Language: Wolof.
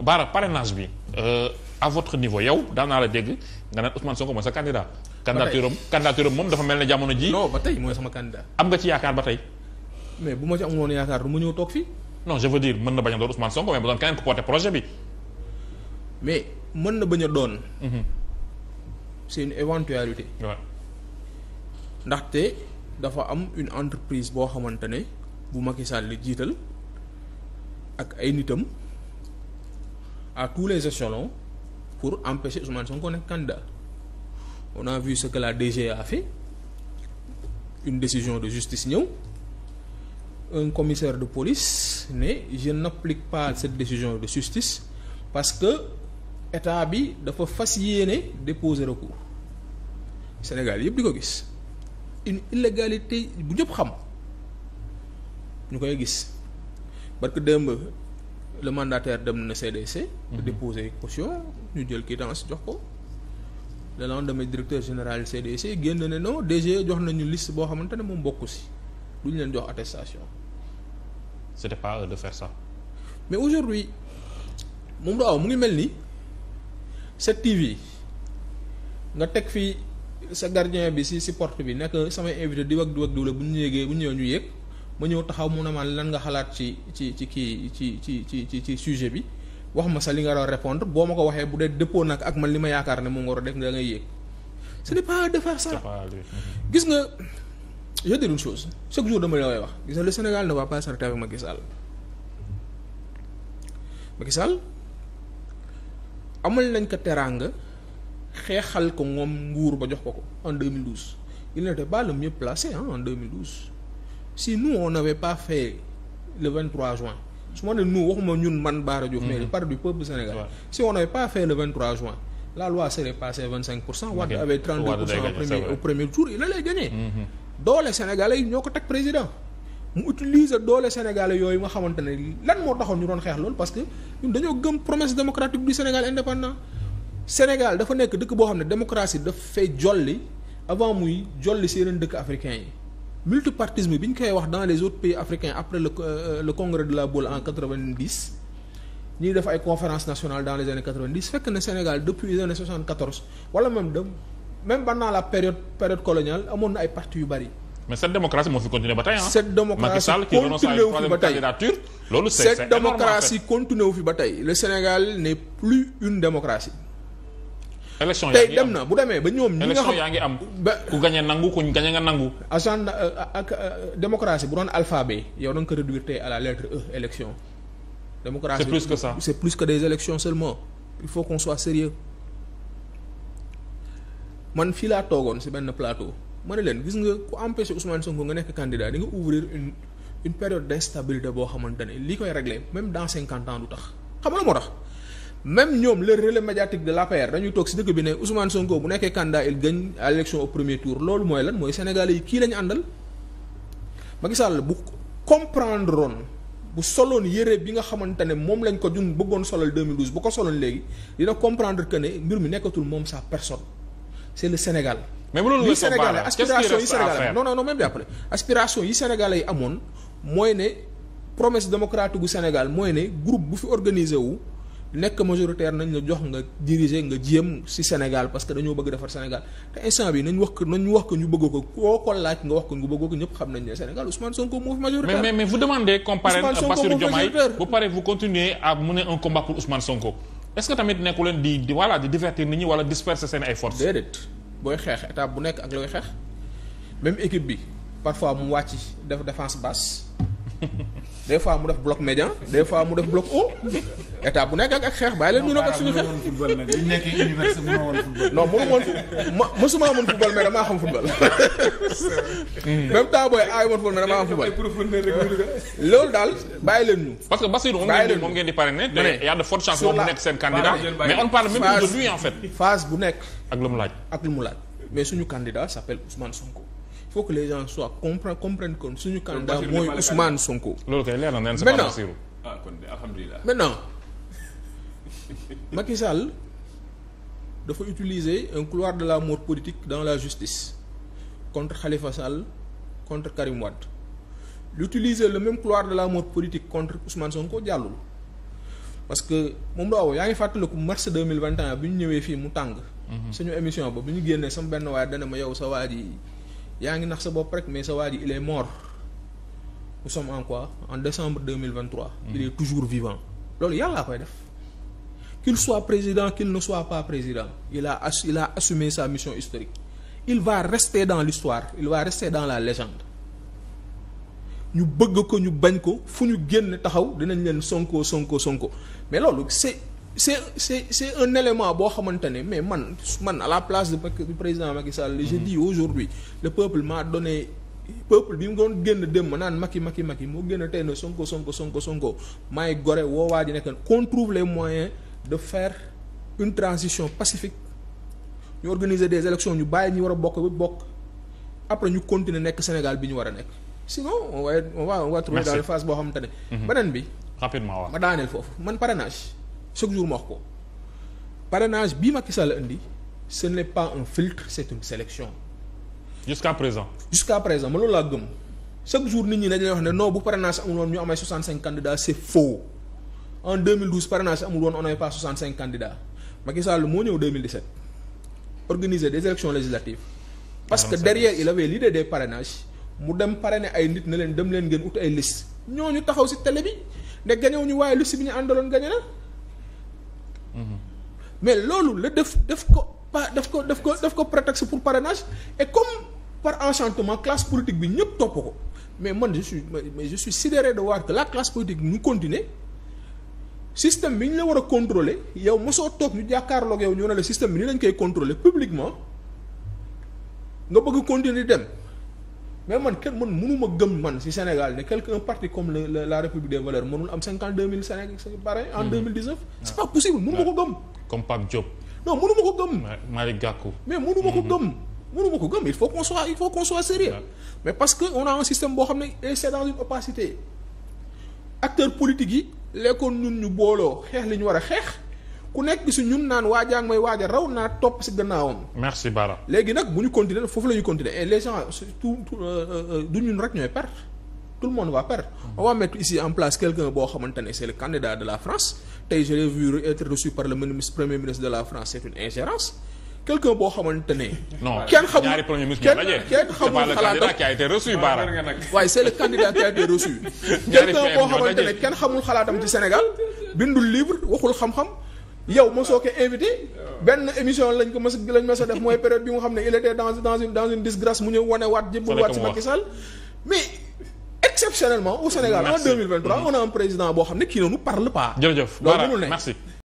Bara parrainage bi euh, à votre niveau yow daan naa la dégg nga naan Ousmane Sonko mooy sa candidat. candidature am candidature am moom dafa mel ne jamono ji non ba tey mooy sama candidat. am nga ci yaakaar ba tey. mais bu ma ci amoon yaakaar du ma ñëw toog fii. non je veux dire mën na bañ a doon Ousmane Sonko mais ba doon keneen ku porté projet bi. mais mën na bañ a doon. Mhm. c'est une éventualité. ndaxte dafa am une entreprise boo xamante bu Macky Sall li jiital ak à tous les échelons pour empêcher Ousmane ko nekk candidat on a vu ce que la DGA a fait une décision de justice ñëw un commissaire de police ne je n'applique pas cette décision de justice parce que état bi dafa fas yéene déposer recours Sénégal yëpp di ko gis une illégalité bu ñëpp xam ñu koy gis parce que démb le mandataire dem na CDC. Mhm. déposer caution ñu jël quittance jox ko. le lendemain directeur général CDC génn ne non DG jox nañu liste boo xamante ne moom bokku si ñu leen jox attestation. c'était pas eux de faire mais aujourd'hui moom du aw mu ngi mel ni cette TV nga teg fii sa gardien bi si si port bi nekk samay invité di wag di wag diw bu ñu yéegee bu ñu ñëwee ñu yéeg. ma ñëw taxaw mu ne man lan nga xalaat ci ci ci kii ci ci ci ci ci sujet bi wax ma sa li nga war a répondre boo ma ko waxee bu dee dëppoo nag ak man li ma yaakaar ne moom nga war a def ce n'est pas de faire ça mm-hmm. gis nga je dis une jour dama lay wax gis nga le Sénégal ne va pas s'arrêter avec Macky Sall Macky Sall amal nañ ko teraanga xeexal ko moom nguur ba jox ko ko en 2012 il n'était pas le mieux placé ah en 2012 si nous on n'avait pas fait le 23 join su ma ne nous waxuma ñun man Bara Diouf mhm. par du peuple sénégalais si on n'avait pas fait le 23 juin la loi serait passée vingt cinq pour cent Wade avait trente deux pour cent au premier au premier jour il allait mhm. doole sénégalais yi ñoo ko teg président mu utiliser doole sénégalais yooyu nga xamante ne lan moo taxoon ñu doon xeex loolu parce que ñun dañoo gëm promesse démocratique du Sénégal indépendant Sénégal dafa nekk dëkk boo xam ne démocratie daf fay jolli avant muy jolli si dëkk africain yi multipartisme bi ñu koy wax dans les autres pays africains après le euh, le congrès de la boule en quatre-vingt-dix ñuy def ay conférences nationales dans les années quatre-vingt-dix fekk na Sénégal depuis les soixante-quatorze wala même dem même pendant la période période coloniale amoon na ay partis yu bari. mais cette démocratie moo fi continuer ba tey ah. démocratie continué fi ba tey loolu c'est démocratie continué fi ba tey le Sénégal n'est plus une démocratie. élection tey dem na bu demee ba ñoom. ñi nga xam ngi am ba ku gañe nangu ku gañe nga nangu. agenda euh, ak euh, démocratie bu doon alphabet yow da nga ko réduire tey à la lettre E élection. démocratie c'est plus que ça c'est que des élections seulement il faut qu'on soit sérieux man fii laa toogoon ci benn plateau ma ne leen gis nga ku empêcher Ousmane Sonko nga nekk candidat di nga ouvrir une une période d'instabilité boo xamante ne li koy régler même dans cinquante ans du tax xam nga moo tax. même ñoom le relais médiatique de l'APR dañuy toog si dëkk bi ne Ousmane Sonko bu nekkee candidat il gagne à au premier tour loolu mooy lan mooy sénégalais yi kii lañu àndal Macky Sall bu comprendre woon bu soloon yére bi nga xamante ne moom lañ ko jun bëggoon solal 2012 bu ko soloon léegi dina comprendre que ne mbir mi nekkatul moom sa personne seen le Sénégal. mais mënul nga sénégalais aspiration yi sénégalais non non non même yi sénégalais yi amoon mooy ne promesse démocratique gu Sénégal mooy ne groupe bu fi organisé wu. nekk majoritaire nañ la jox nga diriger nga jéem ci Sénégal parce que dañoo bëgg defar Sénégal te instant bi nañ wax ko nañ wax ko ñu bëgg ko koo ko laaj nga wax ko ñu bëgg ko ñëpp xam nañ ne Sénégal Ousmane Sonko moo fi majoritaire. mais mais vous demandez comparer Bassirou Diomaye bu paree vous continuez à mener un combat pour Ousmane Sonko est-ce que tamit nekku leen di di voilà di divertir nit ñi wala disperser seen ay forces. déedéet booy xeex état bu nekk ak looy xeex même équipe bi parfois mu wàcc def défense basse. des fois mu def bloc médian des fois mu def bloc haut état bu nekk ak xeex bàyyi leen ñu ne ko suñu xeex. non mënu woon football ma mosuma mais damaa xam football. loolu daal bàyyi leen ñu. parce que Bassirou moom ngeen di moom ngeen di parrainé. y a de fortes moom mu nekk seen candidat. mais on parle même de lui en fait. phase bu nekk. ak lu mu laaj mais suñu candidat s'appelle Ousmane Sonko. il faut que les gens soient comprendre comprennent que suñu candidat mooy Ousmane Sonko. loolu kay leer na neen sa ah kon de alhamdulilah. maintenant Macky Sall dafa utiliser un couloir de la mort politique dans la justice contre Khalifa Sall contre Karim Wade l'utiliser le même couloir de la mort politique contre Ousmane Sonko jàllul parce que moom laa woo yaa ngi fàttaliku mars deux mille vingt et un bi ñu ñëwee fii mu tàng. Mhm. suñu émission ba bi ñu génnee sama benn waay dana ma yow sa waa ji yaa ngi nax sa bopp rek mais sa waa ji il est mort nous sommes en quoi en décembre deux mille vingt trois il est toujours vivant loolu yàllaa koy def qu'il soit président qu'il ne soit pas président il a ass il a assumé sa mission historique il va rester dans l'histoire il va rester dans la légende ñu bëgg ko ñu bañ ko fu ñu génn taxaw dinañ leen sonko sonko sonko mais loolu c'est c'est c'est c'est un élément boo xamante ne mais man man à la place du président Macky Sall je mhm. dis aujourd'hui le peuple m'a donné peuple bi mu doon génn démb naan Macky Macky Macky moo génn tey na Sonko Sonko Sonko Sonko maay gore woowaa ji nekk qu'on trouve les moyens de faire une transition pacifique ñu organiser des élections ñu bàyyi ñu war a bokk ba bokk après ñu continuer nekk Sénégal bi ñu war a nekk sinon on va on va on va trouver dans la phase boo ne mhm. bi rapidement waaw ma foofu man parrainage chaque jour ma wax ko parrainage bii Macky Sall indi ce n'est pas un filtre c'est une sélection. jusqu'à présent. jusqu'à présent ma loolu laa gëm chaque jour nit ñi dañ leen wax ne non bu parrainage amul woon ñu amay 65 candidats c'est faux en 2012 parrainage amul woon on n'avait pas 65 candidats Macky Sall moo ñëw 2017 organiser des élections législatives. parce que derrière il avait l'idée des parrainages mu dem parrainé ay nit ne leen dem leen ngeen ut ay ñoo ñu taxaw ci télé bi ne gañewuñu waaye liste bi ñu àndaloon gañe na. mais loolu la def def ko pa def ko def ko def ko prétexte pour parrainage et comme par enchantement classe politique bi ñëpp topp ko mais man je suis mais je suis sidéré de voir que la classe politique ñu continuer système bi ñu la war a contrôler yow mosoo toog ñu jàkkaarloog yow ñoo ne la système bi ni lañ koy contrôler publiquement nga bëgg continuer dem mais man kenn man mënuma gëm man si Sénégal ne quelque un parti comme la la République des valeurs mënul am cinquante mm-hmm. deux mille Sénégal pare en deux mille dix neuf c'est pas possible mënuma ko gëm comme Pape Diop non mënuma ko gëm mais mm-hmm. mënuma ko gëm il faut qu'on il faut qu'on sérieux mais parce que on a un système boo xam ne c'est dans opacité acteurs politiques yi lekkoon ñun ñu booloo xeex li ñu war a xeex ku nekk gisu ñun naan waa waajaak may waaja raw naa topp si gannaawam. merci Bara. léegi nag bu ñu continuer foofu la ñu continuer et les gens surtout euh, euh, euh, du ñun rek ñooy perte tout le monde va perdre. on va mettre ici en place quelqu'un boo xamante ne c'est la France tey je l'ai vu être reçu par le ministre premier ministre de xamante ne. non kenn xamul ñaari premier ministre xalaatam a été reçu kenn xamul xalaatam ci Sénégal bindul livre waxul xam-xam. yow mosoo ko invité benn émission lañ ko mas lañ mas a def mooy période bi nga xam ne il était dans dans une dans une disgrâce mu ñëw wane waat jëbbal waat si Macky Sall mais exceptionnellement au Sénégal en 2023 on a un président boo xam ne kii ne nous parle pas loolu mënul ne